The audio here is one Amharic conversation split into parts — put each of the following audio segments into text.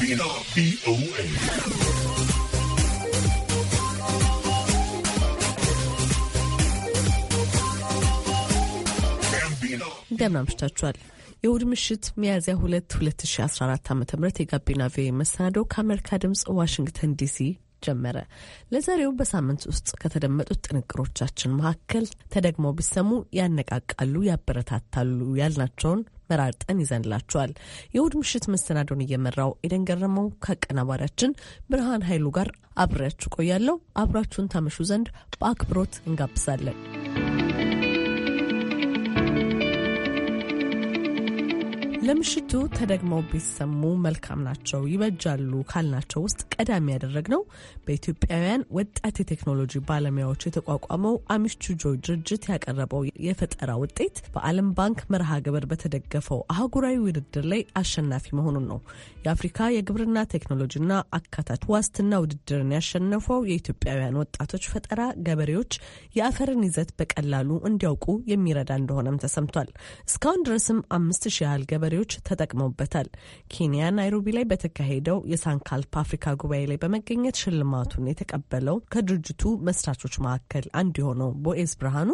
ጋቢና ቪኦኤ እንደምን አምሽታችኋል። የእሁድ ምሽት ሚያዝያ 2 2014 ዓ ም የጋቢና ቪኦኤ መሰናዶው ከአሜሪካ ድምፅ ዋሽንግተን ዲሲ ጀመረ። ለዛሬው በሳምንት ውስጥ ከተደመጡት ጥንቅሮቻችን መካከል ተደግመው ቢሰሙ ያነቃቃሉ፣ ያበረታታሉ ያልናቸውን መራርጠን ይዘንላቸዋል። የእሁድ ምሽት መሰናዶን እየመራው ኤደን ገረመው ከአቀናባሪያችን ብርሃን ኃይሉ ጋር አብሬያችሁ ቆያለሁ። አብራችሁን ታመሹ ዘንድ በአክብሮት እንጋብዛለን። ለምሽቱ ተደግመው ቢሰሙ መልካም ናቸው ይበጃሉ ካልናቸው ውስጥ ቀዳሚ ያደረግነው በኢትዮጵያውያን ወጣት የቴክኖሎጂ ባለሙያዎች የተቋቋመው ጆይ ድርጅት ያቀረበው የፈጠራ ውጤት በዓለም ባንክ መርሃ ግብር በተደገፈው አህጉራዊ ውድድር ላይ አሸናፊ መሆኑን ነው። የአፍሪካ የግብርና ቴክኖሎጂና አካታች ዋስትና ውድድርን ያሸነፈው የኢትዮጵያውያን ወጣቶች ፈጠራ ገበሬዎች የአፈርን ይዘት በቀላሉ እንዲያውቁ የሚረዳ እንደሆነም ተሰምቷል። እስካሁን ድረስም አምስት ሺህ ያህል ገበሬ መሪዎች ተጠቅመውበታል። ኬንያ ናይሮቢ ላይ በተካሄደው የሳንካልፕ አፍሪካ ጉባኤ ላይ በመገኘት ሽልማቱን የተቀበለው ከድርጅቱ መስራቾች መካከል አንዱ የሆነው ቦኤዝ ብርሃኑ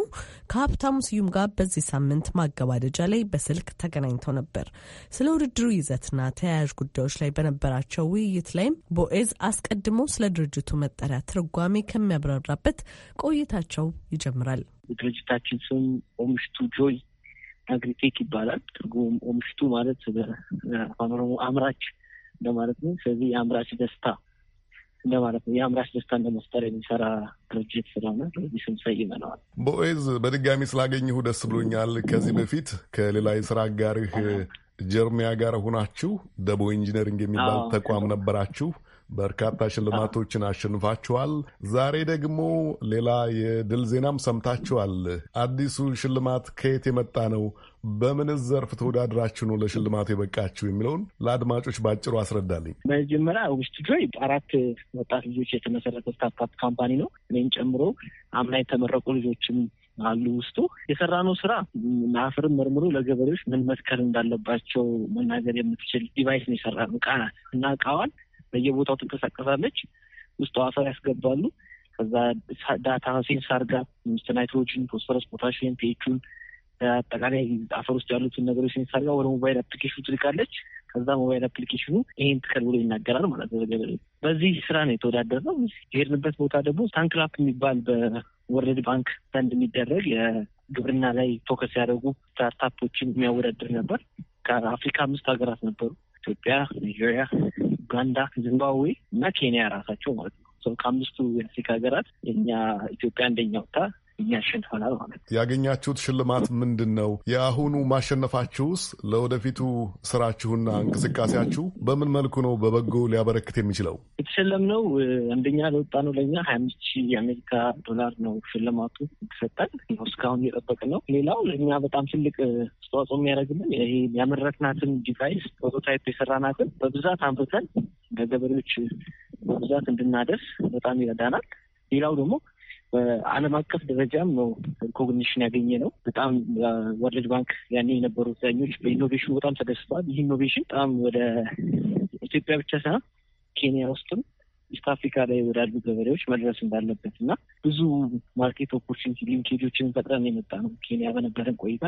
ከሀብታሙ ስዩም ጋር በዚህ ሳምንት ማገባደጃ ላይ በስልክ ተገናኝተው ነበር። ስለ ውድድሩ ይዘትና ተያያዥ ጉዳዮች ላይ በነበራቸው ውይይት ላይም ቦኤዝ አስቀድሞ ስለ ድርጅቱ መጠሪያ ትርጓሜ ከሚያብራራበት ቆይታቸው ይጀምራል። ድርጅታችን ስም ኦምሽቱ ጆይ አግሪቴክ ይባላል። ትርጉም ኦምሽቱ ማለት በአፋን ኦሮሞ አምራች እንደማለት ነው። ስለዚህ የአምራች ደስታ እንደማለት ነው። የአምራች ደስታ እንደመፍጠር የሚሰራ ድርጅት ስለሆነ በዚህ ስም ሰይመነዋል። ቦኤዝ፣ በድጋሚ ስላገኘሁ ደስ ብሎኛል። ከዚህ በፊት ከሌላ የስራ አጋርህ ጀርሚያ ጋር ሆናችሁ ደቦ ኢንጂነሪንግ የሚባል ተቋም ነበራችሁ። በርካታ ሽልማቶችን አሸንፋችኋል። ዛሬ ደግሞ ሌላ የድል ዜናም ሰምታችኋል። አዲሱ ሽልማት ከየት የመጣ ነው? በምን ዘርፍ ተወዳድራችሁ ነው ለሽልማቱ የበቃችሁ የሚለውን ለአድማጮች በአጭሩ አስረዳልኝ። መጀመሪያ ውስጥ ጆይ አራት ወጣት ልጆች የተመሰረተ ስታርታፕ ካምፓኒ ነው። እኔን ጨምሮ አምና የተመረቁ ልጆችም አሉ ውስጡ የሰራነው ስራ አፈርን መርምሮ ለገበሬዎች ምን መትከል እንዳለባቸው መናገር የምትችል ዲቫይስ ነው የሰራነው እቃ እና እቃዋን በየቦታው ትንቀሳቀሳለች። ውስጥ አፈር ያስገባሉ። ከዛ ዳታ ሴንሳር ጋር ውስጥ ናይትሮጅን፣ ፎስፈረስ፣ ፖታሽን ፒኤቹን አጠቃላይ አፈር ውስጥ ያሉትን ነገሮች ሴንሳር ጋር ወደ ሞባይል አፕሊኬሽን ትልካለች። ከዛ ሞባይል አፕሊኬሽኑ ይሄን ትከል ብሎ ይናገራል ማለት ነው። በዚህ ስራ ነው የተወዳደር ነው። የሄድንበት ቦታ ደግሞ ታንክላፕ የሚባል በወርልድ ባንክ ዘንድ የሚደረግ የግብርና ላይ ፎከስ ያደረጉ ስታርታፖችን የሚያወዳድር ነበር። ከአፍሪካ አምስት ሀገራት ነበሩ። ኢትዮጵያ፣ ኒጀሪያ፣ ኡጋንዳ፣ ዚምባብዌ እና ኬንያ ራሳቸው ማለት ነው። ከአምስቱ የአፍሪካ ሀገራት የኛ ኢትዮጵያ አንደኛ ወጥታ እያሸን ማለት ነው። ያገኛችሁት ሽልማት ምንድን ነው? የአሁኑ ማሸነፋችሁስ ለወደፊቱ ስራችሁና እንቅስቃሴያችሁ በምን መልኩ ነው በበጎ ሊያበረክት የሚችለው? የተሸለምነው አንደኛ ነው። ለእኛ ሀያ አምስት ሺህ የአሜሪካ ዶላር ነው ሽልማቱ የተሰጠን እስካሁን እየጠበቅ ነው። ሌላው ለእኛ በጣም ትልቅ አስተዋጽኦ የሚያደርግልን ይሄ ያመረትናትን ዲቫይስ ፕሮቶታይፕ የሰራናትን በብዛት አንብተን ለገበሬዎች በብዛት እንድናደርስ በጣም ይረዳናል። ሌላው ደግሞ በዓለም አቀፍ ደረጃም ነው ሪኮግኒሽን ያገኘ ነው። በጣም ወርልድ ባንክ ያኔ የነበሩ ዳኞች በኢኖቬሽኑ በጣም ተደስተዋል። ይህ ኢኖቬሽን በጣም ወደ ኢትዮጵያ ብቻ ሳይሆን ኬንያ ውስጥም ኢስት አፍሪካ ላይ ወዳሉ ገበሬዎች መድረስ እንዳለበት እና ብዙ ማርኬት ኦፖርቹኒቲ ሊንኬጆችን ፈጥረን የመጣ ነው ኬንያ በነበረን ቆይታ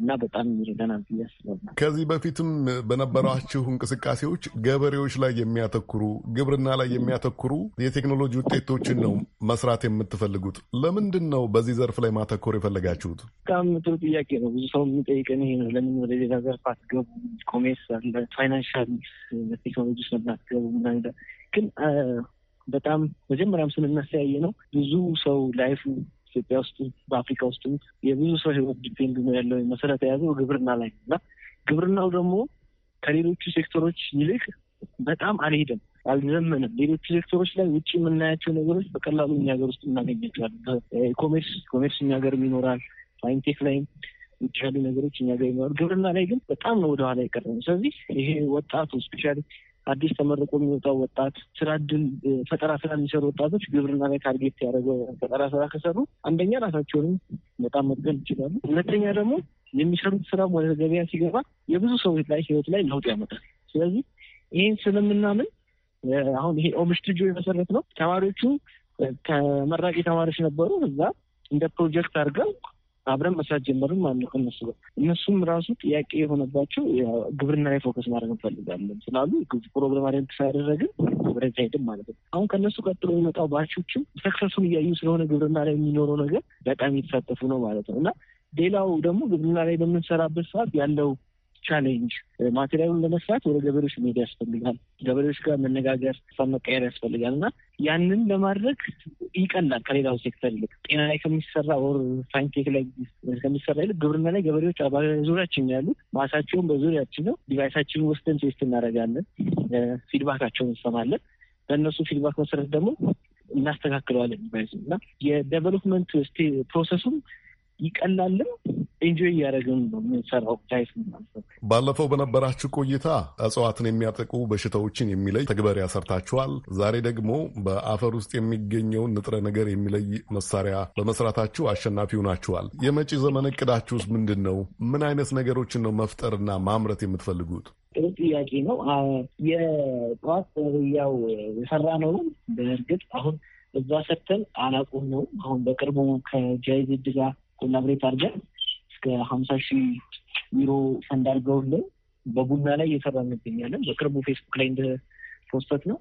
እና በጣም የሚረዳናል ብዬ አስባለሁ። ከዚህ በፊትም በነበራችሁ እንቅስቃሴዎች ገበሬዎች ላይ የሚያተኩሩ ግብርና ላይ የሚያተኩሩ የቴክኖሎጂ ውጤቶችን ነው መስራት የምትፈልጉት። ለምንድን ነው በዚህ ዘርፍ ላይ ማተኮር የፈለጋችሁት? በጣም ጥሩ ጥያቄ ነው። ብዙ ሰው የሚጠይቀን ይሄ ነው። ለምን ወደ ሌላ ዘርፍ አትገቡ? ኮሜርስ አለ፣ ፋይናንሻል ቴክኖሎጂ ስለምን አትገቡ? ግን በጣም መጀመሪያም ስንነሳያየ ነው ብዙ ሰው ላይፉ ኢትዮጵያ ውስጥ በአፍሪካ ውስጥ የብዙ ሰው ህይወት ዲፔንድ ነው ያለው መሰረት የያዘው ግብርና ላይ እና ግብርናው ደግሞ ከሌሎቹ ሴክተሮች ይልቅ በጣም አልሄደም፣ አልዘመንም። ሌሎቹ ሴክተሮች ላይ ውጭ የምናያቸው ነገሮች በቀላሉ እኛ ሀገር ውስጥ እናገኛቸዋለን። ኮሜርስ ኮሜርስ እኛ ሀገርም ይኖራል። ሳይንቴክ ላይም ውጭ ያሉ ነገሮች እኛ ጋር ይኖራል። ግብርና ላይ ግን በጣም ነው ወደኋላ የቀረነው። ስለዚህ ይሄ ወጣቱ ስፔሻሊ አዲስ ተመርቆ የሚወጣው ወጣት ስራ ድል ፈጠራ ስራ የሚሰሩ ወጣቶች ግብርና ላይ ታርጌት ያደረገ ፈጠራ ስራ ከሰሩ አንደኛ ራሳቸውንም በጣም መጥገን ይችላሉ። ሁለተኛ ደግሞ የሚሰሩት ስራ ወደ ገበያ ሲገባ የብዙ ሰዎች ላይ ህይወት ላይ ለውጥ ያመጣል። ስለዚህ ይህን ስለምናምን አሁን ይሄ ኦምሽትጆ የመሰረት ነው። ተማሪዎቹ ተመራቂ ተማሪዎች ነበሩ። እዛ እንደ ፕሮጀክት አድርገው አብረን መስራት ጀመርን ማለት ነው ከነሱ ጋር። እነሱም ራሱ ጥያቄ የሆነባቸው ግብርና ላይ ፎከስ ማድረግ እንፈልጋለን ስላሉ ፕሮግራም አደንት ሳያደረግን ወደዛ ሄድን ማለት ነው። አሁን ከነሱ ቀጥሎ የሚመጣው ባቾችም ሰክሰሱን እያዩ ስለሆነ ግብርና ላይ የሚኖረው ነገር በጣም የተሳተፉ ነው ማለት ነው እና ሌላው ደግሞ ግብርና ላይ በምንሰራበት ሰዓት ያለው ቻሌንጅ ማቴሪያሉን ለመስራት ወደ ገበሬዎች መሄድ ያስፈልጋል። ገበሬዎች ጋር መነጋገር፣ ሀሳብ መቀየር ያስፈልጋል እና ያንን ለማድረግ ይቀላል ከሌላው ሴክተር ይልቅ ጤና ላይ ከሚሰራ ወር ሳይንቴክ ላይ ከሚሰራ ይልቅ ግብርና ላይ ገበሬዎች ዙሪያችን ያሉ ማሳቸውን በዙሪያችን ነው። ዲቫይሳችንን ወስደን ቴስት እናደርጋለን። ፊድባካቸውን እንሰማለን። በእነሱ ፊድባክ መሰረት ደግሞ እናስተካክለዋለን ዲቫይስ እና የዴቨሎፕመንት ፕሮሰሱም ይቀላልም ኤንጆይ እያደረግን የምንሰራው ታይፍ ባለፈው በነበራችሁ ቆይታ እጽዋትን የሚያጠቁ በሽታዎችን የሚለይ ተግበሪያ ሰርታችኋል። ዛሬ ደግሞ በአፈር ውስጥ የሚገኘውን ንጥረ ነገር የሚለይ መሳሪያ በመስራታችሁ አሸናፊው ናችኋል። የመጪ ዘመን እቅዳችሁ ውስጥ ምንድን ነው? ምን አይነት ነገሮችን ነው መፍጠርና ማምረት የምትፈልጉት? ጥሩ ጥያቄ ነው። የጠዋት ያው የሰራ ነው። በእርግጥ አሁን እዛ ሰተን አላቁም ነው። አሁን በቅርቡ ከጃይዜድ ጋር ኮላብሬት አድርገን እስከ ሀምሳ ሺህ ዩሮ ፈንድ አድርገውልን በቡና ላይ እየሰራ እንገኛለን። በቅርቡ ፌስቡክ ላይ እንደፖስተት ነው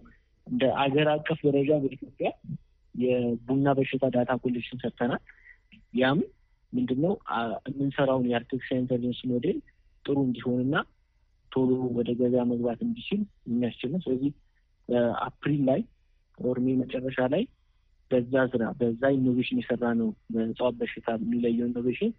እንደ አገር አቀፍ ደረጃ በኢትዮጵያ የቡና በሽታ ዳታ ኮሌክሽን ሰጥተናል። ያም ምንድነው የምንሰራውን የአርቲፊሻል ኢንተሊጀንስ ሞዴል ጥሩ እንዲሆንና ቶሎ ወደ ገበያ መግባት እንዲችል የሚያስችል ነው። ስለዚህ በአፕሪል ላይ ኦርሜ መጨረሻ ላይ በዛ ስራ በዛ ኢኖቬሽን የሰራ ነው በእጽዋት በሽታ የሚለየው ኢኖቬሽን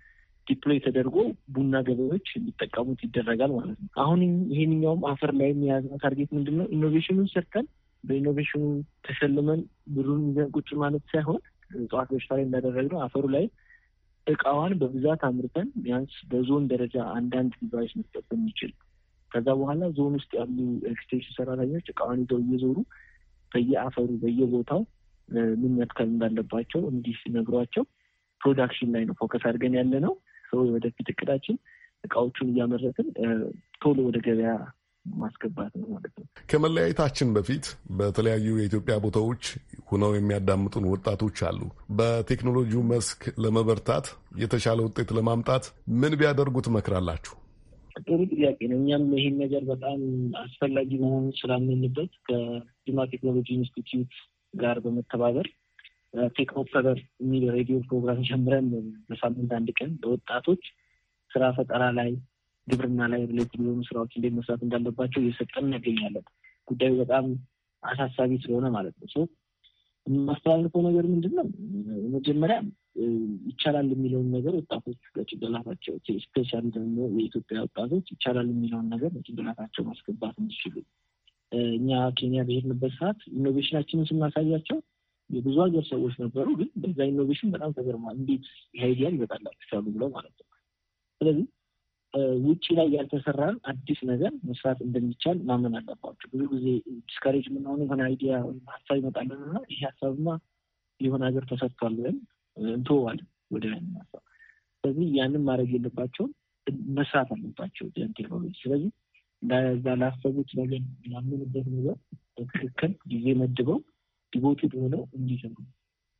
ዲፕሎይ ተደርጎ ቡና ገበሬዎች እንዲጠቀሙት ይደረጋል ማለት ነው። አሁን ይሄንኛውም አፈር ላይ የያዝነው ታርጌት ምንድን ነው? ኢኖቬሽኑን ሰርተን በኢኖቬሽኑ ተሸልመን ብሩን ይዘን ቁጭ ማለት ሳይሆን እጽዋት በሽታ ላይ እንዳደረግነው አፈሩ ላይ እቃዋን በብዛት አምርተን ቢያንስ በዞን ደረጃ አንዳንድ ዲቫይስ መስጠት የሚችል ከዛ በኋላ ዞን ውስጥ ያሉ ኤክስቴንሽን ሰራተኞች እቃዋን ይዘው እየዞሩ በየአፈሩ በየቦታው ምን መትከል እንዳለባቸው እንዲህ ሲነግሯቸው ፕሮዳክሽን ላይ ነው ፎከስ አድርገን ያለ ነው። ሰው ወደፊት እቅዳችን እቃዎቹን እያመረትን ቶሎ ወደ ገበያ ማስገባት ነው ማለት ነው። ከመለያየታችን በፊት በተለያዩ የኢትዮጵያ ቦታዎች ሆነው የሚያዳምጡን ወጣቶች አሉ። በቴክኖሎጂው መስክ ለመበርታት የተሻለ ውጤት ለማምጣት ምን ቢያደርጉ ትመክራላችሁ? ጥሩ ጥያቄ ነው። እኛም ይህን ነገር በጣም አስፈላጊ መሆኑ ስላምንበት ከዲማ ቴክኖሎጂ ኢንስቲትዩት ጋር በመተባበር ቴክ ኦፍ የሚል ሬዲዮ ፕሮግራም ጀምረን በሳምንት አንድ ቀን ለወጣቶች ስራ ፈጠራ ላይ፣ ግብርና ላይ ሪሌትድ የሚሆኑ ስራዎች እንዴት መስራት እንዳለባቸው እየሰጠን እናገኛለን። ጉዳዩ በጣም አሳሳቢ ስለሆነ ማለት ነው። የማስተላልፈው ነገር ምንድን ነው? መጀመሪያ ይቻላል የሚለውን ነገር ወጣቶች በጭንቅላታቸው ስፔሻል ደግሞ የኢትዮጵያ ወጣቶች ይቻላል የሚለውን ነገር በጭንቅላታቸው ማስገባት እንዲችሉ እኛ ኬንያ በሄድንበት ሰዓት ኢኖቬሽናችንን ስናሳያቸው የብዙ ሀገር ሰዎች ነበሩ፣ ግን በዛ ኢኖቬሽን በጣም ተገርሟል። እንዴት አይዲያ ይመጣላችኋል ብለው ማለት ነው። ስለዚህ ውጭ ላይ ያልተሰራን አዲስ ነገር መስራት እንደሚቻል ማመን አለባቸው። ብዙ ጊዜ ዲስካሬጅ የምንሆኑ የሆነ አይዲያ ወይም ሀሳብ ይመጣለን እና ይህ ሀሳብማ የሆነ ሀገር ተሰርቷል ወይም እንተወዋለን ወደ ላይ ስለዚህ ያንን ማድረግ የለባቸውም መስራት አለባቸው ቴክኖሎጂ ስለዚህ በዛ ላሰቡት ነገር ላመኑበት ነገር በትክክል ጊዜ መድበው ዲቮትድ ሆነው እንዲሰሩ፣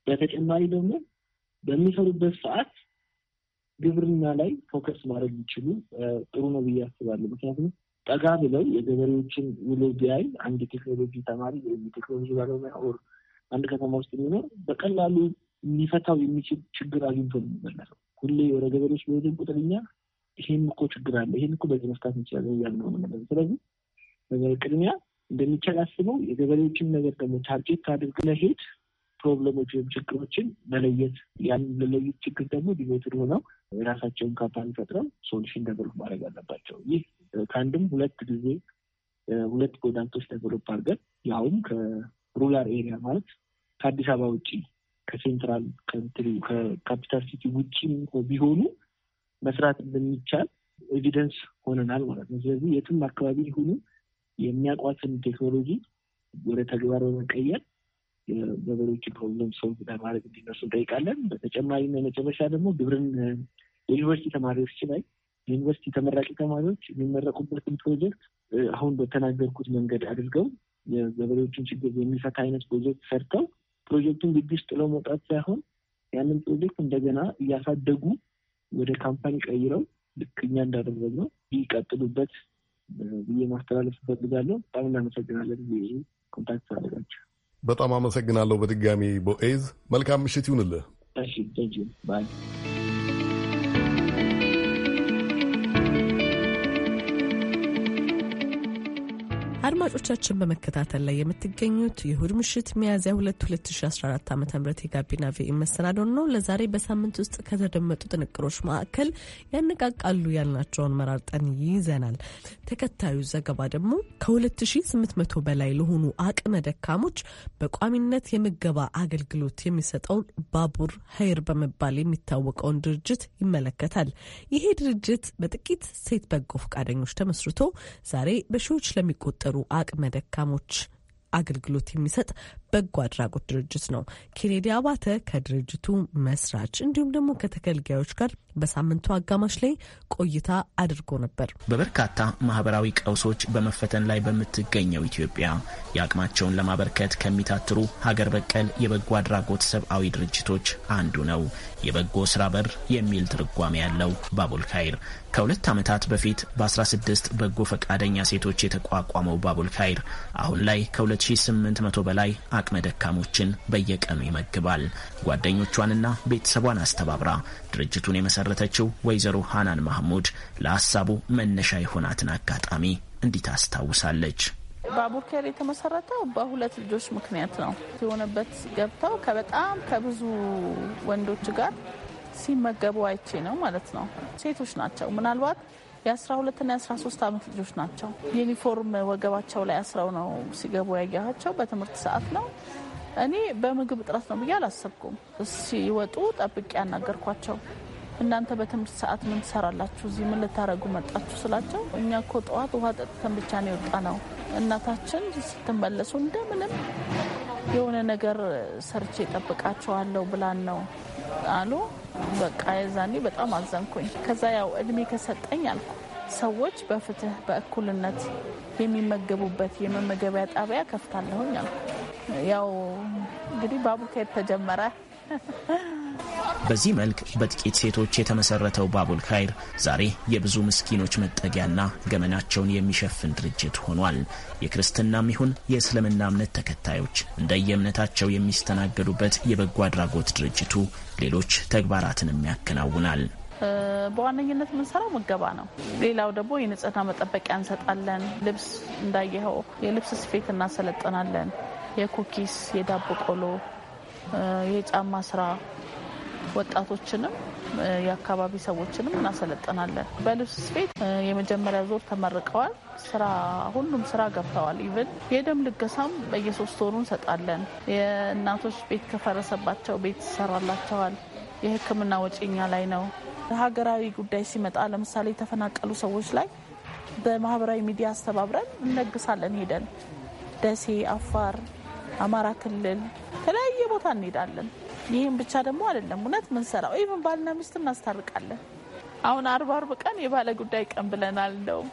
በተጨማሪ ደግሞ በሚሰሩበት ሰዓት ግብርና ላይ ፎከስ ማድረግ ይችሉ ጥሩ ነው ብዬ አስባለሁ። ምክንያቱም ጠጋ ብለው የገበሬዎችን ውሎ ቢያይ አንድ ቴክኖሎጂ ተማሪ ወይም የቴክኖሎጂ ባለሙያ ኦር አንድ ከተማ ውስጥ የሚኖር በቀላሉ ሊፈታው የሚችል ችግር አግኝቶ ነው የሚመለሰው። ሁሌ ወደ ገበሬዎች በሄድን ቁጥር እኛ ይሄም እኮ ችግር አለ፣ ይሄን እኮ በዚህ መፍታት እንችላለን እያሉ ነው ምንለ። ስለዚህ ነገር ቅድሚያ እንደሚቻል አስበው የገበሬዎችን ነገር ደግሞ ታርጌት አድርግ ለሄድ ፕሮብለሞች ወይም ችግሮችን መለየት ያን ለለዩት ችግር ደግሞ ዲሜትድ ሆነው የራሳቸውን ካምፓኒ ፈጥረው ሶሉሽን ደብሎፕ ማድረግ አለባቸው። ይህ ከአንድም ሁለት ጊዜ ሁለት ፕሮዳክቶች ደብሎፕ አድርገን ያውም ከሩላር ኤሪያ ማለት ከአዲስ አበባ ውጭ ከሴንትራል ከካፒታል ሲቲ ውጭ ቢሆኑ መስራት እንደሚቻል ኤቪደንስ ሆነናል ማለት ነው። ስለዚህ የትም አካባቢ ይሁኑ የሚያውቋትን ቴክኖሎጂ ወደ ተግባር በመቀየር የገበሬዎችን ፕሮብለም ሶልቭ ለማድረግ እንዲነሱ እንጠይቃለን። በተጨማሪ መጨረሻ ደግሞ ግብርን የዩኒቨርሲቲ ተማሪዎች ላይ የዩኒቨርሲቲ ተመራቂ ተማሪዎች የሚመረቁበትን ፕሮጀክት አሁን በተናገርኩት መንገድ አድርገው የገበሬዎችን ችግር የሚፈታ አይነት ፕሮጀክት ሰርተው ፕሮጀክቱን ግቢ ውስጥ ጥለው መውጣት ሳይሆን ያንን ፕሮጀክት እንደገና እያሳደጉ ወደ ካምፓኒ ቀይረው ልክኛ እንዳደረግ ነው ይቀጥሉበት ብዬ ማስተላለፍ እፈልጋለሁ። በጣም እናመሰግናለን ኮንታክት አደረጋቸው። በጣም አመሰግናለሁ በድጋሚ ቦኤዝ። መልካም ምሽት ይሁንልህ። እሺ ባይ አድማጮቻችን በመከታተል ላይ የምትገኙት የእሁድ ምሽት ሚያዝያ 2 2014 ዓ ም የጋቢና ቪ መሰናዶን ነው። ለዛሬ በሳምንት ውስጥ ከተደመጡ ጥንቅሮች መካከል ያነቃቃሉ ያልናቸውን መራርጠን ይዘናል። ተከታዩ ዘገባ ደግሞ ከ2800 በላይ ለሆኑ አቅመ ደካሞች በቋሚነት የምገባ አገልግሎት የሚሰጠውን ባቡር ሀይር በመባል የሚታወቀውን ድርጅት ይመለከታል። ይሄ ድርጅት በጥቂት ሴት በጎ ፈቃደኞች ተመስርቶ ዛሬ በሺዎች ለሚቆጠሩ አቅመ ደካሞች አገልግሎት የሚሰጥ በጎ አድራጎት ድርጅት ነው። ኬኔዲ አባተ ከድርጅቱ መስራች እንዲሁም ደግሞ ከተገልጋዮች ጋር በሳምንቱ አጋማሽ ላይ ቆይታ አድርጎ ነበር። በበርካታ ማህበራዊ ቀውሶች በመፈተን ላይ በምትገኘው ኢትዮጵያ የአቅማቸውን ለማበርከት ከሚታትሩ ሀገር በቀል የበጎ አድራጎት ሰብአዊ ድርጅቶች አንዱ ነው። የበጎ ስራ በር የሚል ትርጓሜ ያለው ባቡል ከሁለት ዓመታት በፊት በ16 በጎ ፈቃደኛ ሴቶች የተቋቋመው ባቡል አሁን ላይ ከ2800 በላይ አቅመ ደካሞችን በየቀኑ ይመግባል። ጓደኞቿንና ቤተሰቧን አስተባብራ ድርጅቱን የመሰረተችው ወይዘሮ ሃናን ማህሙድ ለሀሳቡ መነሻ የሆናትን አጋጣሚ እንዲህ ታስታውሳለች። ባቡር ኬር የተመሰረተው በሁለት ልጆች ምክንያት ነው። የሆነበት ገብተው ከበጣም ከብዙ ወንዶች ጋር ሲመገቡ አይቼ ነው ማለት ነው። ሴቶች ናቸው ምናልባት የ12ና የ13 ዓመት ልጆች ናቸው። ዩኒፎርም ወገባቸው ላይ አስረው ነው ሲገቡ ያየኋቸው። በትምህርት ሰዓት ነው። እኔ በምግብ እጥረት ነው ብዬ አላሰብኩም። ሲወጡ ጠብቄ ያናገርኳቸው እናንተ በትምህርት ሰዓት ምን ትሰራላችሁ? እዚህ ምን ልታደረጉ መጣችሁ? ስላቸው እኛ ኮ ጠዋት ውሃ ጠጥተን ብቻ ነው የወጣ ነው። እናታችን ስትመለሱ እንደምንም የሆነ ነገር ሰርቼ ጠብቃቸዋለሁ ብላን ነው አሉ። በቃ የዛኔ በጣም አዘንኩኝ። ከዛ ያው እድሜ ከሰጠኝ አልኩ ሰዎች በፍትህ በእኩልነት የሚመገቡበት የመመገቢያ ጣቢያ ከፍታለሁኝ አልኩ። ያው እንግዲህ ባቡካየት ተጀመረ። በዚህ መልክ በጥቂት ሴቶች የተመሰረተው ባቡል ካይር ዛሬ የብዙ ምስኪኖች መጠጊያና ገመናቸውን የሚሸፍን ድርጅት ሆኗል። የክርስትናም ይሁን የእስልምና እምነት ተከታዮች እንደየእምነታቸው የሚስተናገዱበት የበጎ አድራጎት ድርጅቱ ሌሎች ተግባራትንም ያከናውናል። በዋነኝነት የምንሰራው ምገባ ነው። ሌላው ደግሞ የንጽህና መጠበቂያ እንሰጣለን። ልብስ እንዳየኸው የልብስ ስፌት እናሰለጠናለን። የኩኪስ፣ የዳቦ ቆሎ፣ የጫማ ስራ ወጣቶችንም የአካባቢ ሰዎችንም እናሰለጥናለን። በልብስ ስፌት የመጀመሪያ ዙር ተመርቀዋል። ስራ ሁሉም ስራ ገብተዋል። ኢቨን የደም ልገሳም በየሶስት ወሩ እንሰጣለን። የእናቶች ቤት ከፈረሰባቸው ቤት ይሰራላቸዋል። የሕክምና ወጪኛ ላይ ነው። ሀገራዊ ጉዳይ ሲመጣ ለምሳሌ የተፈናቀሉ ሰዎች ላይ በማህበራዊ ሚዲያ አስተባብረን እንለግሳለን። ሄደን ደሴ፣ አፋር፣ አማራ ክልል የተለያየ ቦታ እንሄዳለን። ይህም ብቻ ደግሞ አይደለም። እውነት ምንሰራው ይህም ባልና ሚስት እናስታርቃለን። አሁን አርብ አርብ ቀን የባለ ጉዳይ ቀን ብለናል። እንደውም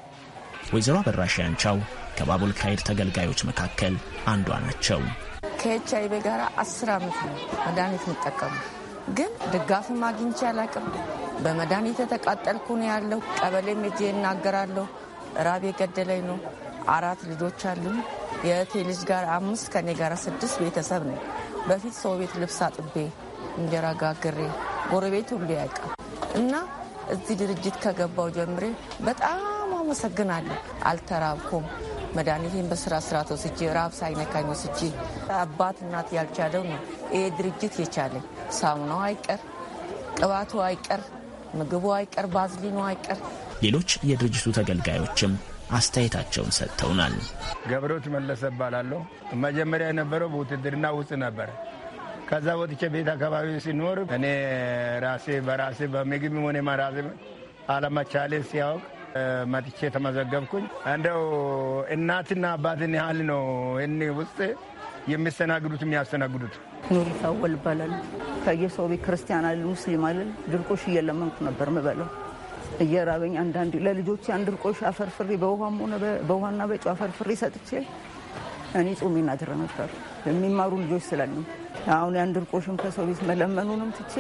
ወይዘሮ አበራሽ ያንቻው ከባቡል ካሄድ ተገልጋዮች መካከል አንዷ ናቸው። ከኤች አይ ቪ ጋር አስር ዓመት ነው መድኃኒት የሚጠቀሙ ግን ድጋፍም አግኝቼ አላቅም። በመድኃኒት የተቃጠልኩ ነው ያለው። ቀበሌም እጄ እናገራለሁ። ራብ የገደለኝ ነው አራት ልጆች አሉኝ። የእህቴ ልጅ ጋር አምስት፣ ከኔ ጋር ስድስት ቤተሰብ ነው። በፊት ሰው ቤት ልብስ አጥቤ እንጀራ ጋግሬ ጎረቤት ሁሉ ያውቃል እና እዚህ ድርጅት ከገባው ጀምሬ በጣም አመሰግናለሁ። አልተራብኩም። መድኃኒቴን በስራ ስራ ተወስጄ ራብ ሳይነካኝ ወስጄ አባት እናት ያልቻለው ነው ይሄ ድርጅት የቻለኝ። ሳሙናው አይቀር፣ ቅባቱ አይቀር፣ ምግቡ አይቀር፣ ባዝሊኑ አይቀር። ሌሎች የድርጅቱ ተገልጋዮችም አስተያየታቸውን ሰጥተውናል። ገብሮት መለሰ እባላለሁ። መጀመሪያ የነበረው በውትድርና ውስጥ ነበር። ከዛ ወጥቼ ቤት አካባቢ ሲኖር እኔ ራሴ በራሴ በምግብ ሆነ ራሴ አለመቻሌ ሲያውቅ መጥቼ ተመዘገብኩኝ። እንደው እናትና አባትን ያህል ነው እኔ ውስጥ የሚስተናግዱት የሚያስተናግዱት። ኑሪ ታወል ይባላል። ከየሰው ቤት ክርስቲያን አለ ሙስሊም አለ ድርቆሽ እየለመንኩ ነበር ምበለው እየራበኝ አንዳንድ ለልጆች አንድ እርቆሽ አፈርፍሬ በውሃም ሆነ በውሃና በጨው አፈርፍሬ ሰጥቼ እኔ ጾሜን አድሬ ነበር። የሚማሩ ልጆች ስላሉ አሁን የአንድ እርቆሽም ከሰው ቤት መለመኑንም ትቼ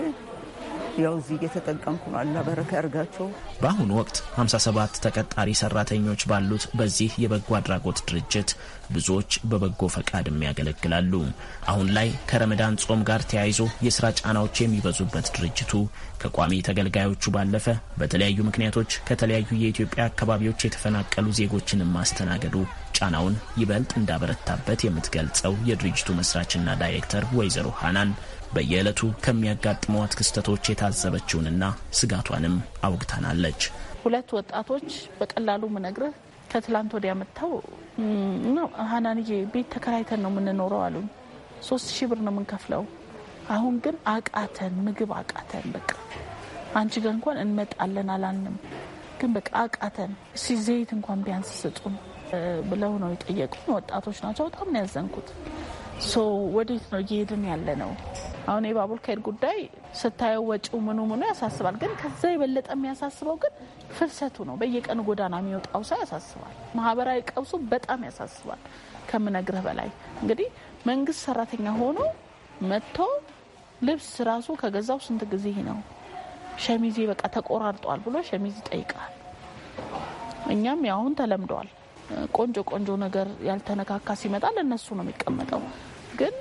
ያው እዚህ እየተጠቀምኩ ነው። በረከ ያርጋቸው። በአሁኑ ወቅት 57 ተቀጣሪ ሰራተኞች ባሉት በዚህ የበጎ አድራጎት ድርጅት ብዙዎች በበጎ ፈቃድም ያገለግላሉ። አሁን ላይ ከረመዳን ጾም ጋር ተያይዞ የስራ ጫናዎች የሚበዙበት ድርጅቱ ከቋሚ ተገልጋዮቹ ባለፈ በተለያዩ ምክንያቶች ከተለያዩ የኢትዮጵያ አካባቢዎች የተፈናቀሉ ዜጎችን ማስተናገዱ ጫናውን ይበልጥ እንዳበረታበት የምትገልጸው የድርጅቱ መስራችና ዳይሬክተር ወይዘሮ ሃናን በየዕለቱ ከሚያጋጥመዋት ክስተቶች የታዘበችውንና ስጋቷንም አውግታናለች። ሁለት ወጣቶች በቀላሉ ምነግርህ ከትላንት ወዲያ መጥተው ሀናንዬ ቤት ተከራይተን ነው የምንኖረው አሉኝ። ሶስት ሺህ ብር ነው የምንከፍለው። አሁን ግን አቃተን፣ ምግብ አቃተን። በቃ አንቺ ጋር እንኳን እንመጣለን አላንም፣ ግን በቃ አቃተን። እስኪ ዘይት እንኳን ቢያንስ ስጡን ብለው ነው የጠየቁኝ። ወጣቶች ናቸው። በጣም ነው ያዘንኩት። ሶ ወዴት ነው እየሄድን ያለ ነው? አሁን የባቡር ከሄድ ጉዳይ ስታየው ወጪው ምኑ ምኑ ያሳስባል። ግን ከዛ የበለጠ የሚያሳስበው ግን ፍልሰቱ ነው። በየቀኑ ጎዳና የሚወጣው ሰው ያሳስባል። ማህበራዊ ቀውሱ በጣም ያሳስባል ከምነግርህ በላይ። እንግዲህ መንግስት ሰራተኛ ሆኖ መጥቶ ልብስ ራሱ ከገዛው ስንት ጊዜ ነው ሸሚዜ በቃ ተቆራርጧል ብሎ ሸሚዝ ይጠይቃል። እኛም ያሁን ተለምደዋል። ቆንጆ ቆንጆ ነገር ያልተነካካ ሲመጣ ለእነሱ ነው የሚቀመጠው ግን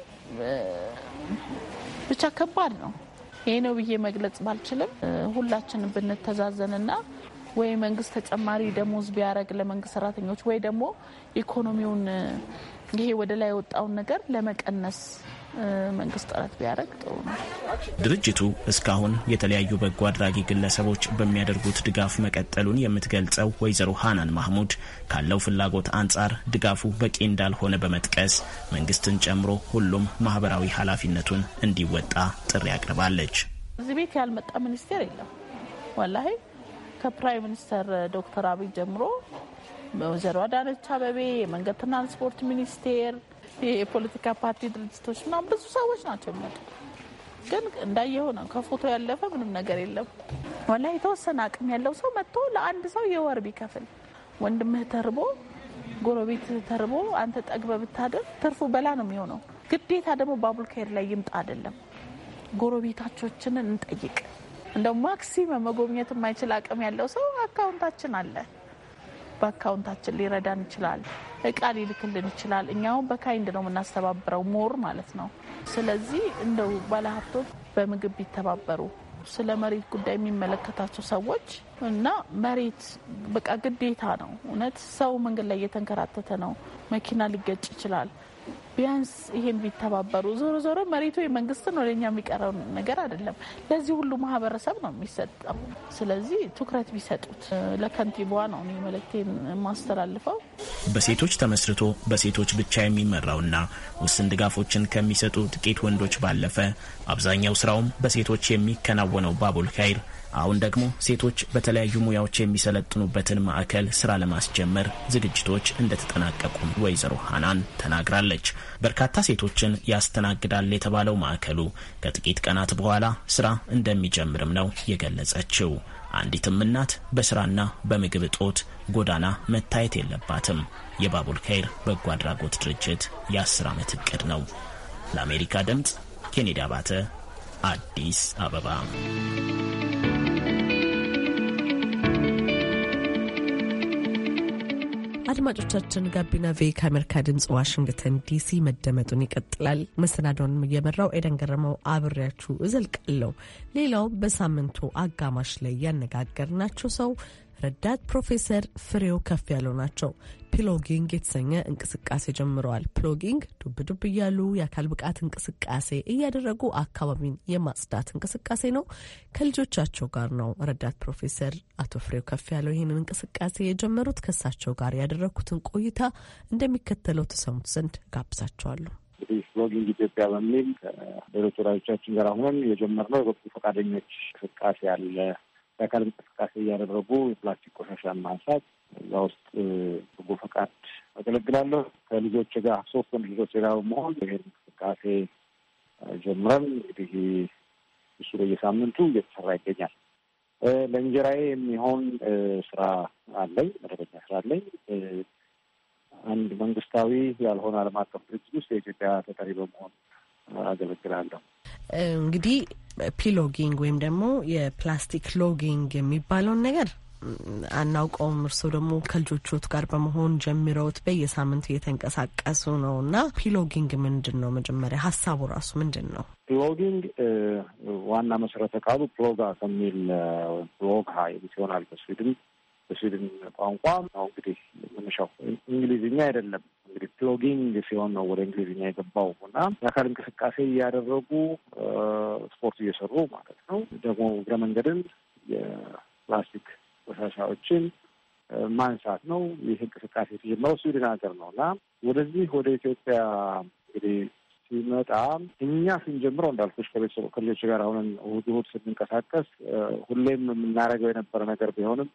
ብቻ ከባድ ነው። ይሄ ነው ብዬ መግለጽ ባልችልም ሁላችን ብንተዛዘንና ወይ መንግስት ተጨማሪ ደሞዝ ቢያደርግ ለመንግስት ሰራተኞች ወይ ደግሞ ኢኮኖሚውን ይሄ ወደ ላይ የወጣውን ነገር ለመቀነስ መንግስት ጥረት ቢያደርግ ጥሩ ነው። ድርጅቱ እስካሁን የተለያዩ በጎ አድራጊ ግለሰቦች በሚያደርጉት ድጋፍ መቀጠሉን የምትገልጸው ወይዘሮ ሃናን ማህሙድ ካለው ፍላጎት አንጻር ድጋፉ በቂ እንዳልሆነ በመጥቀስ መንግስትን ጨምሮ ሁሉም ማህበራዊ ኃላፊነቱን እንዲወጣ ጥሪ አቅርባለች። እዚህ ቤት ያልመጣ ሚኒስቴር የለም። ወላሂ ከፕራይም ሚኒስተር ዶክተር አብይ ጀምሮ ወይዘሮ አዳነች አበቤ፣ የመንገድ ትራንስፖርት ሚኒስቴር የፖለቲካ ፓርቲ ድርጅቶች ና ብዙ ሰዎች ናቸው የሚመጡ። ግን እንዳየው ነው። ከፎቶ ያለፈ ምንም ነገር የለም። ወላ የተወሰነ አቅም ያለው ሰው መጥቶ ለአንድ ሰው የወር ቢከፍል ወንድምህ ተርቦ፣ ጎረቤት ተርቦ፣ አንተ ጠግበ ብታደር ትርፉ በላ ነው የሚሆነው። ግዴታ ደግሞ ባቡል ከሄድ ላይ ይምጣ አይደለም። ጎረቤታቾችንን እንጠይቅ። እንደው ማክሲመም መጎብኘት የማይችል አቅም ያለው ሰው አካውንታችን አለ በአካውንታችን ሊረዳን ይችላል፣ እቃ ሊልክልን ይችላል። እኛውም በካይንድ ነው የምናስተባብረው ሞር ማለት ነው። ስለዚህ እንደው ባለሀብቶች በምግብ ቢተባበሩ ስለ መሬት ጉዳይ የሚመለከታቸው ሰዎች እና መሬት በቃ ግዴታ ነው። እውነት ሰው መንገድ ላይ እየተንከራተተ ነው። መኪና ሊገጭ ይችላል። ቢያንስ ይሄን ቢተባበሩ። ዞሮ ዞሮ መሬቱ የመንግስት ነው፣ ለእኛ የሚቀረው ነገር አይደለም። ለዚህ ሁሉ ማህበረሰብ ነው የሚሰጠው። ስለዚህ ትኩረት ቢሰጡት። ለከንቲባዋ ነው እኔ መልእክቴን የማስተላልፈው። በሴቶች ተመስርቶ በሴቶች ብቻ የሚመራውና ውስን ድጋፎችን ከሚሰጡ ጥቂት ወንዶች ባለፈ አብዛኛው ስራውም በሴቶች የሚከናወነው ባቡል ካይር አሁን ደግሞ ሴቶች በተለያዩ ሙያዎች የሚሰለጥኑበትን ማዕከል ስራ ለማስጀመር ዝግጅቶች እንደተጠናቀቁም ወይዘሮ ሀናን ተናግራለች። በርካታ ሴቶችን ያስተናግዳል የተባለው ማዕከሉ ከጥቂት ቀናት በኋላ ስራ እንደሚጀምርም ነው የገለጸችው። አንዲትም እናት በስራና በምግብ እጦት ጎዳና መታየት የለባትም። የባቡል ከይር በጎ አድራጎት ድርጅት የአስር ዓመት እቅድ ነው። ለአሜሪካ ድምፅ ኬኔዲ አባተ አዲስ አበባ አድማጮቻችን ጋቢና ቬ ከአሜሪካ ድምፅ ዋሽንግተን ዲሲ መደመጡን ይቀጥላል። መሰናዶን እየመራው ኤደን ገረመው አብሬያችሁ እዘልቃለሁ። ሌላው በሳምንቱ አጋማሽ ላይ ያነጋገርናቸው ሰው ረዳት ፕሮፌሰር ፍሬው ከፍ ያለው ናቸው። ፕሎጊንግ የተሰኘ እንቅስቃሴ ጀምረዋል። ፕሎጊንግ ዱብ ዱብ እያሉ የአካል ብቃት እንቅስቃሴ እያደረጉ አካባቢን የማጽዳት እንቅስቃሴ ነው። ከልጆቻቸው ጋር ነው ረዳት ፕሮፌሰር አቶ ፍሬው ከፍ ያለው ይህንን እንቅስቃሴ የጀመሩት። ከእሳቸው ጋር ያደረግኩትን ቆይታ እንደሚከተለው ተሰሙት ዘንድ ጋብዛቸዋለሁ። እንግዲህ ፕሎጊንግ ኢትዮጵያ በሚል ከሌሎች ወዳጆቻችን ጋር አሁን የጀመርነው የበጎ ፈቃደኞች እንቅስቃሴ አለ የአካል እንቅስቃሴ እያደረጉ የፕላስቲክ ቆሻሻ ማንሳት እዛ ውስጥ በጎ ፈቃድ አገለግላለሁ። ከልጆች ጋር ሶስት ወንድ ልጆች ጋር በመሆን ይሄ እንቅስቃሴ ጀምረን እንግዲህ እሱ በየሳምንቱ እየተሰራ ይገኛል። ለእንጀራዬ የሚሆን ስራ አለኝ፣ መደበኛ ስራ አለኝ። አንድ መንግስታዊ ያልሆነ ዓለም አቀፍ ድርጅት ውስጥ የኢትዮጵያ ተጠሪ በመሆን አገለግላለሁ። እንግዲህ ፒሎጊንግ ወይም ደግሞ የፕላስቲክ ሎጊንግ የሚባለውን ነገር አናውቀውም። እርስዎ ደግሞ ከልጆቹት ጋር በመሆን ጀምረውት በየሳምንቱ እየተንቀሳቀሱ ነው እና ፒሎጊንግ ምንድን ነው? መጀመሪያ ሀሳቡ ራሱ ምንድን ነው? ፕሎጊንግ ዋና መሰረተ ቃሉ ፕሎጋ ከሚል ፕሎግ ሲሆናል በስዊድን በስዊድን ቋንቋ ነው እንግዲህ መነሻው እንግሊዝኛ አይደለም። እንግዲህ ፕሎጊንግ ሲሆን ነው ወደ እንግሊዝኛ የገባው እና የአካል እንቅስቃሴ እያደረጉ ስፖርት እየሰሩ ማለት ነው። ደግሞ እግረ መንገድን የፕላስቲክ ቆሻሻዎችን ማንሳት ነው። ይህ እንቅስቃሴ የተጀመረው ስዊድን ሀገር ነው እና ወደዚህ ወደ ኢትዮጵያ እንግዲህ ሲመጣ እኛ ስንጀምረው እንዳልኩሽ ከቤተሰቦ ከልጆች ጋር አሁንን እሑድ እሑድ ስንንቀሳቀስ ሁሌም የምናደርገው የነበረ ነገር ቢሆንም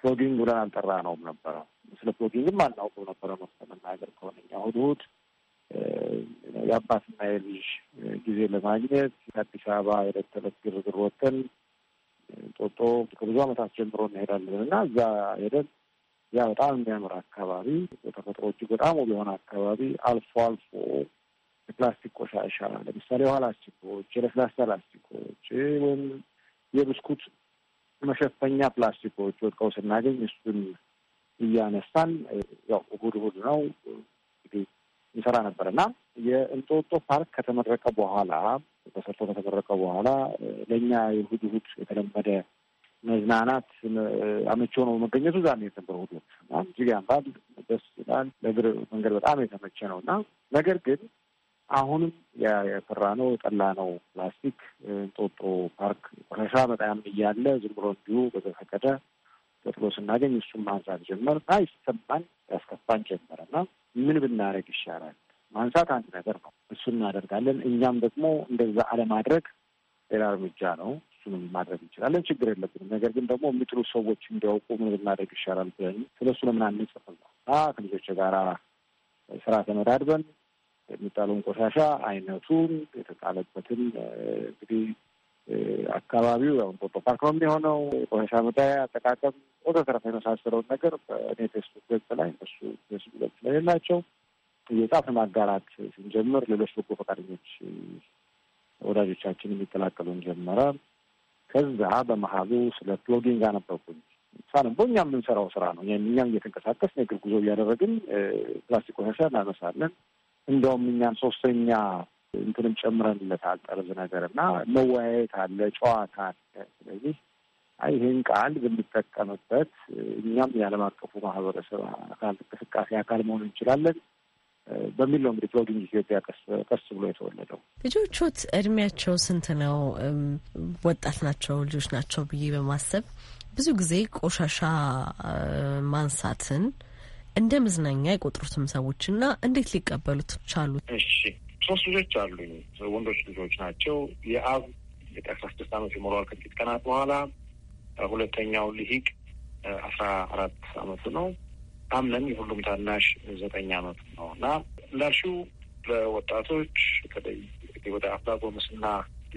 ፕሎጊንግ ብለን አልጠራነውም ነበረ። ስለ ፕሎጊንግም አናውቅም ነበረ መስ መናገር ከሆነኛ እሑድ እሑድ የአባትና የልጅ ጊዜ ለማግኘት ከአዲስ አበባ የዕለት ተዕለት ግርግር ወጥተን ጦጦ ከብዙ ዓመታት ጀምሮ እንሄዳለን እና እዛ ሄደን ያ በጣም የሚያምር አካባቢ ተፈጥሮ እጅግ በጣም ውብ የሆነ አካባቢ አልፎ አልፎ የፕላስቲክ ቆሻሻ ለምሳሌ የውሃ ላስቲኮች፣ የለስላሳ ላስቲኮች ወይም የብስኩት መሸፈኛ ፕላስቲኮች ወድቀው ስናገኝ እሱን እያነሳን ያው እሁድ እሁድ ነው እንሰራ ነበር እና የእንጦጦ ፓርክ ከተመረቀ በኋላ ተሰርቶ ከተመረቀ በኋላ ለእኛ የእሁድ እሁድ የተለመደ መዝናናት አመቺ ሆኖ መገኘቱ ዛ ሄድ ነበር እሁድ እሁድ እጅግ ያምራል፣ ደስ ይላል። ለእግር መንገድ በጣም የተመቸ ነው እና ነገር ግን አሁንም የፈራ ነው የጠላ ነው ፕላስቲክ እንጦጦ ፓርክ ቆሻሻ በጣም እያለ ዝም ብሎ እንዲሁ በተፈቀደ ጥሎ ስናገኝ እሱም ማንሳት ጀመር እና ይሰማን ያስከፋን ጀመረ እና ምን ብናደረግ ይሻላል? ማንሳት አንድ ነገር ነው፣ እሱ እናደርጋለን። እኛም ደግሞ እንደዛ አለማድረግ ሌላ እርምጃ ነው። እሱንም ማድረግ እንችላለን፣ ችግር የለብንም። ነገር ግን ደግሞ የሚጥሉ ሰዎች እንዲያውቁ ምን ብናደረግ ይሻላል ብለን ስለ እሱ ለምን አንጽፍም ነው እና ከልጆች ጋራ ስራ ተመዳድበን የሚጣለውን ቆሻሻ አይነቱን፣ የተጣለበትን እንግዲህ አካባቢው ያው እንጦጦ ፓርክ ነው የሚሆነው። ቆሻሻ መጣያ አጠቃቀም ወዘተረፈ የመሳሰለውን ነገር በእኔ ፌስቡክ ገጽ ላይ እነሱ ፌስቡክ ገጽ ላይ የላቸው የጻፍ ማጋራት ስንጀምር ሌሎች በጎ ፈቃደኞች ወዳጆቻችን የሚቀላቀሉን ጀመረ። ከዛ በመሀሉ ስለ ፕሎጊንግ አነበብኩኝ። ሳነበው እኛም የምንሰራው ስራ ነው። እኛም እየተንቀሳቀስን የእግር ጉዞ እያደረግን ፕላስቲክ ቆሻሻ እናነሳለን። እንደውም እኛም ሶስተኛ እንትንም ጨምረንለታል ጠርዝ ነገር እና መወያየት አለ፣ ጨዋታ አለ። ስለዚህ ይህን ቃል ብንጠቀምበት እኛም የዓለም አቀፉ ማህበረሰብ አካል እንቅስቃሴ አካል መሆን እንችላለን በሚል ነው እንግዲህ ፕሎዲንግ ኢትዮጵያ ቀስ ብሎ የተወለደው። ልጆቹት እድሜያቸው ስንት ነው? ወጣት ናቸው ልጆች ናቸው ብዬ በማሰብ ብዙ ጊዜ ቆሻሻ ማንሳትን እንደ መዝናኛ የቆጥሩትም ሰዎችና እንዴት ሊቀበሉት ቻሉት? እሺ ሶስት ልጆች አሉኝ። ወንዶች ልጆች ናቸው። የአብ አስራ ስድስት አመት የሞላው ከጥቂት ቀናት በኋላ ሁለተኛው ልሂቅ አስራ አራት አመቱ ነው። አምነን የሁሉም ታናሽ ዘጠኝ አመቱ ነው እና እንዳልሽው ለወጣቶች በተለይ ወደ አፍላ ጎመስና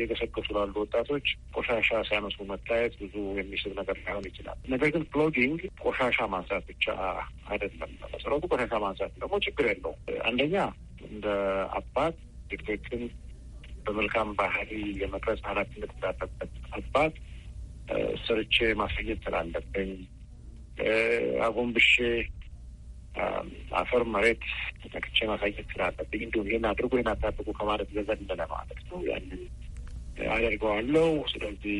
እየቀሰቀሱ ላሉ ወጣቶች ቆሻሻ ሲያነሱ መታየት ብዙ የሚስብ ነገር ላይሆን ይችላል። ነገር ግን ፕሎጊንግ ቆሻሻ ማንሳት ብቻ አይደለም። መሰረቱ ቆሻሻ ማንሳት ደግሞ ችግር የለው። አንደኛ እንደ አባት ልጆችን በመልካም ባህሪ የመቅረጽ ኃላፊነት እንዳለበት አባት ስርቼ ማሳየት ስላለብኝ አጎንብሼ አፈር መሬት ነክቼ ማሳየት ስላለብኝ እንዲሁም ይህን አድርጎ ይህን አታድርጎ ከማለት ገዘን ለማለት ነው ያንን አደርገዋለሁ። ስለዚህ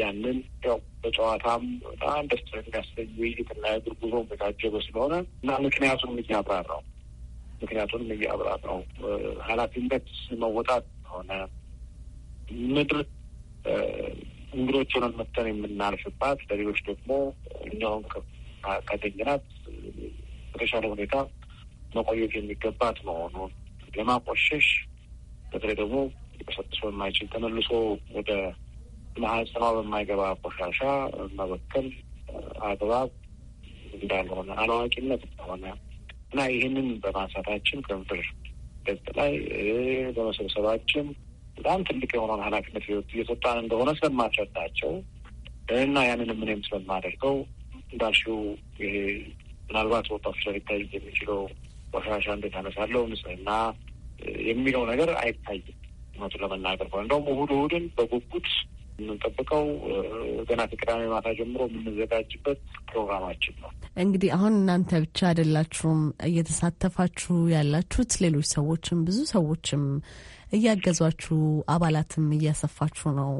ያንን ያው በጨዋታም በጣም ደስ የሚያሰኝ ውይይትና የእግር ጉዞ በታጀበ ስለሆነ እና ምክንያቱንም እያብራራው ምክንያቱንም እያብራራው ኃላፊነት መወጣት ሆነ ምድር እንግዶች መተን የምናልፍባት ለሌሎች ደግሞ እኛውን ከተኝናት በተሻለ ሁኔታ መቆየት የሚገባት መሆኑን ለማቆሸሽ በተለይ ደግሞ ሊበሰብሶ የማይችል ተመልሶ ወደ ማህፀኗ በማይገባ ቆሻሻ መበከል አግባብ እንዳልሆነ አላዋቂነት እንደሆነ እና ይህንን በማንሳታችን ከምድር ገጽ ላይ በመሰብሰባችን በጣም ትልቅ የሆነውን ኃላፊነት እየተወጣን እንደሆነ ስለማስረዳቸው እና ያንንም እኔም ስለማደርገው እንዳልሽው ይሄ ምናልባት ወጣቶች ላይ ሊታይ የሚችለው ቆሻሻ እንዴት አነሳለሁ ንጽህና የሚለው ነገር አይታይም። እውነቱን ለመናገር ሆነ እንደውም እሁድ እሁድን በጉጉት የምንጠብቀው ገና ከቅዳሜ ማታ ጀምሮ የምንዘጋጅበት ፕሮግራማችን ነው። እንግዲህ አሁን እናንተ ብቻ አይደላችሁም እየተሳተፋችሁ ያላችሁት፣ ሌሎች ሰዎችም ብዙ ሰዎችም እያገዟችሁ አባላትም እያሰፋችሁ ነው።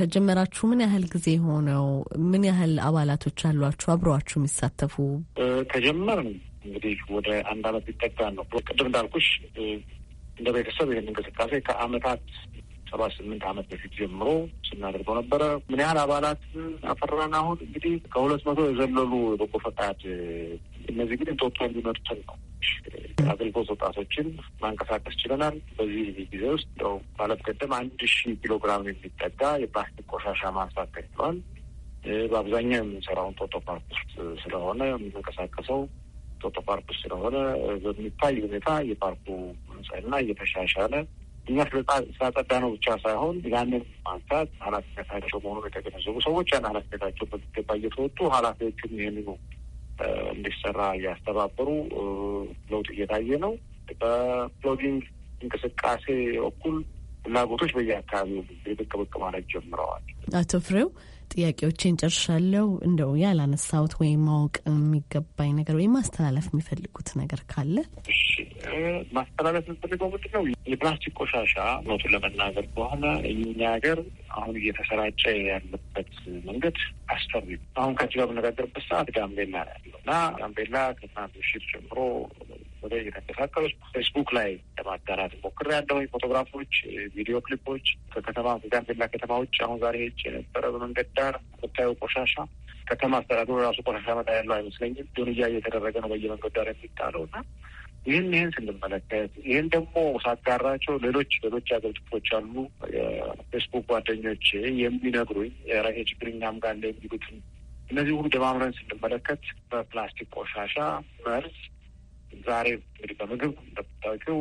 ከጀመራችሁ ምን ያህል ጊዜ ሆነው? ምን ያህል አባላቶች አሏችሁ አብረዋችሁ የሚሳተፉ? ከጀመርን እንግዲህ ወደ አንድ አመት ሊጠጋ ነው። ቅድም እንዳልኩሽ እንደ ቤተሰብ ይህን እንቅስቃሴ ከአመታት ሰባ ስምንት አመት በፊት ጀምሮ ስናደርገው ነበረ። ምን ያህል አባላት አፈራን? አሁን እንግዲህ ከሁለት መቶ የዘለሉ በጎ ፈቃድ እነዚህ ግን እንጦጦ የሚመጡትን ነው አገልግሎት ወጣቶችን ማንቀሳቀስ ችለናል። በዚህ ጊዜ ውስጥ ው ባለት ቀደም አንድ ሺህ ኪሎ ግራም የሚጠጋ የፕላስቲክ ቆሻሻ ማንሳት ተችሏል። በአብዛኛው የምንሰራውን ጦጦ ፓርክ ውስጥ ስለሆነ የምንንቀሳቀሰው ጦጦ ፓርክ ውስጥ ስለሆነ በሚታይ ሁኔታ የፓርኩ እየተሻሻለ እየተሻሻለ እኛ ስላጸዳ ነው ብቻ ሳይሆን ያንን ማንሳት ኃላፊነታቸው መሆኑን የተገነዘቡ ሰዎች ያን ኃላፊነታቸው በሚገባ እየተወጡ ኃላፊዎቹም ይህንኑ እንዲሰራ እያስተባበሩ ለውጥ እየታየ ነው። በፕሎጊንግ እንቅስቃሴ በኩል ፍላጎቶች በየአካባቢው ብቅ ብቅ ማለት ጀምረዋል። አቶ ፍሬው ጥያቄዎችን ጨርሻለሁ። እንደው ያላነሳሁት ወይም ማወቅ የሚገባኝ ነገር ወይም ማስተላለፍ የሚፈልጉት ነገር ካለ ማስተላለፍ የምፈልገው ምንድን ነው? የፕላስቲክ ቆሻሻ እውነቱን ለመናገር ከሆነ የኛ ሀገር አሁን እየተሰራጨ ያለበት መንገድ አስፈሪ። አሁን ከዚህ በምነጋገርበት ሰዓት ጋምቤላ ያለው እና ጋምቤላ ከትናንት ምሽት ጀምሮ ወደ እየተንቀሳቀሱ ፌስቡክ ላይ ለማጋራት ሞክር ያለው ፎቶግራፎች፣ ቪዲዮ ክሊፖች ከከተማ ከጋምቤላ ከተማ ውጭ አሁን ዛሬ ሄጅ የነበረ በመንገድ ዳር የምታየው ቆሻሻ ከተማ አስተዳደሩ ራሱ ቆሻሻ መጣ ያለው አይመስለኝም። ዱንያ እየተደረገ ነው በየመንገድ ዳር የሚጣለው እና ይህን ይህን ስንመለከት ይህን ደግሞ ሳጋራቸው ሌሎች ሌሎች ሀገር ጥፎች አሉ የፌስቡክ ጓደኞች የሚነግሩኝ ራሄ ችግርኛም ጋር የሚሉትን እነዚህ ሁሉ ደማምረን ስንመለከት በፕላስቲክ ቆሻሻ መርዝ ዛሬ እንግዲህ በምግብ እንደምታውቂው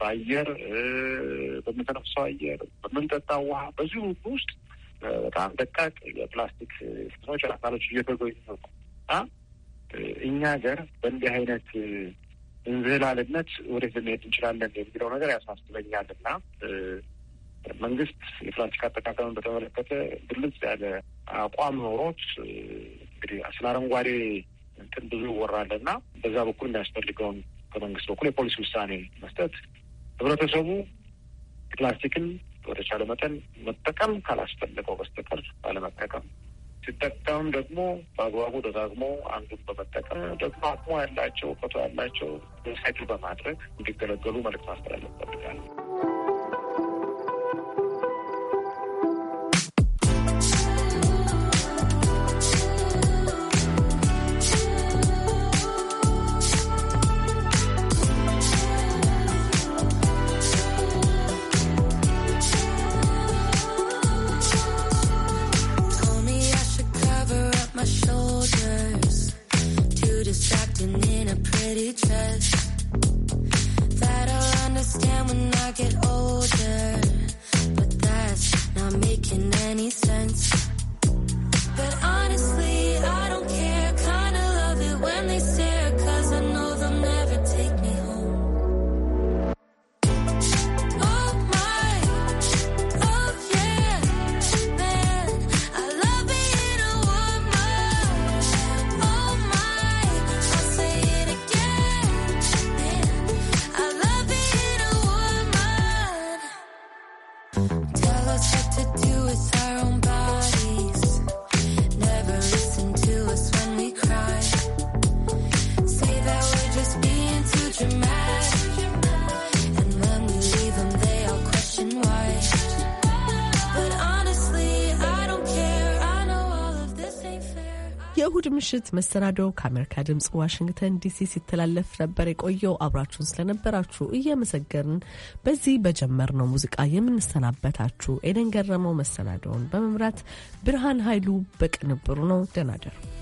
በአየር በምንተነፍሰው አየር በምንጠጣው ውሃ በዚህ ሁሉ ውስጥ በጣም ደቃቅ የፕላስቲክ ስኖች አካሎች እየተጎኙ ነው እና እኛ ሀገር በእንዲህ አይነት እንዝህላልነት ወዴት ልንሄድ እንችላለን የሚለው ነገር ያሳስበኛል እና መንግስት የፕላስቲክ አጠቃቀምን በተመለከተ ግልጽ ያለ አቋም ኖሮት እንግዲህ ስለ አረንጓዴ እንትን ብዙ ይወራል እና በዛ በኩል የሚያስፈልገውን ከመንግስት በኩል የፖሊሲ ውሳኔ መስጠት፣ ህብረተሰቡ ፕላስቲክን በተቻለ መጠን መጠቀም ካላስፈለገው በስተቀር ባለመጠቀም ሲጠቀም ደግሞ በአግባቡ ደጋግሞ አንዱን በመጠቀም ደግሞ አቅሞ ያላቸው እውቀቱ ያላቸው ሳይክል በማድረግ እንዲገለገሉ መልዕክት ማስተላለፍ እፈልጋለሁ። ምሽት መሰናዶው ከአሜሪካ ድምፅ ዋሽንግተን ዲሲ ሲተላለፍ ነበር የቆየው። አብራችሁን ስለነበራችሁ እየመሰገርን በዚህ በጀመርነው ሙዚቃ የምንሰናበታችሁ ኤደን ገረመው መሰናዶውን በመምራት ብርሃን ኃይሉ በቅንብሩ ነው። ደህና